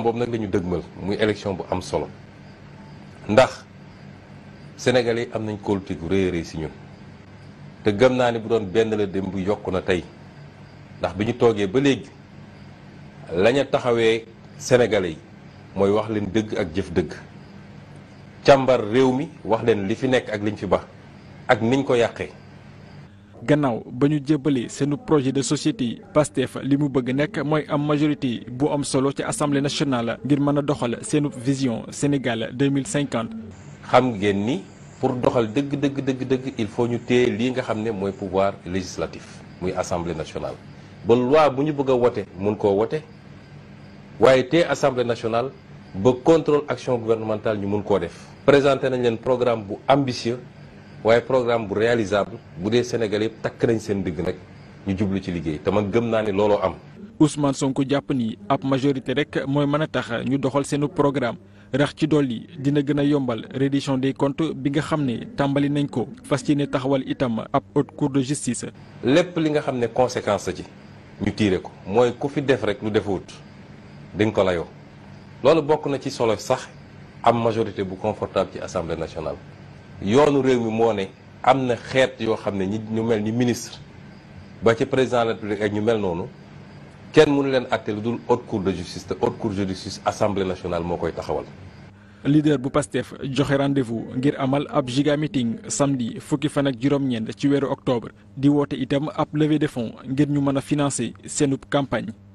boobu nag lañu dëgmal muy élection bu am solo ndax sénégalais yi am nañ kóolute gu rëy si ñun te gëm naa ni bu doon benn la dem bu yokk na tey ndax bi ñu toogee ba léegi laña taxawee sénégalais yi mooy wax leen dëgg ak jëf dëgg càmbar réew mi wax leen li fi nekk ak liñ fi ba ak niñ ko yàqee gannaaw ba ñu jébbalee seenu projet de société Pastef li mu bëgg nekk mooy am majorité bu am solo ci assemblée nationale ngir mën a doxal seenu vision Sénégal 2050. xam ngeen ni pour doxal dëgg dëgg dëgg dëgg il faut ñu téye lii nga xam ne mooy pouvoir législatif muy assemblée nationale ba loi bu ñu bëgg a wote mun koo wote waaye téye assemblée nationale ba contrôle action gouvernementale ñu mun koo def. présenté nañ leen programme bu ambitieux. waaye programme bu réalisable bu dee Sénégal yëpp takk nañ seen digg nag ñu jublu ci liggéey te man gëm naa ne looloo am. Ousmane Sonko jàpp nii ab majorité rek mooy mën a tax ñu doxal seenu programme rax ci dolli dina gën a yombal reddition des comptes bi nga xam ni tàmbali nañ ko fas ci ne taxawal itam ab haute cour de justice. lépp li nga xam ne conséquence la ci ñu tiire ko mooy ku fi def rek lu defut dañ ko layoo loolu bokk na ci solo sax am majorité bu confortable ci assemblée nationale. yoonu réew mi moo ne am na xeet yoo xam ne ñi ñu mel ni ministre ba ci président de ak ñu mel noonu kenn mu mënu leen àtte lu dul haute cour de justice te haute cour de justice assemblée nationale moo koy taxawal. leader bu Pastef joxe rendez-vous ngir amal ab giga meeting samedi fukki fan ak juróom-ñeent ci weeru octobre di woote itam ab levée de fonds ngir ñu mën a financer seenub campagne.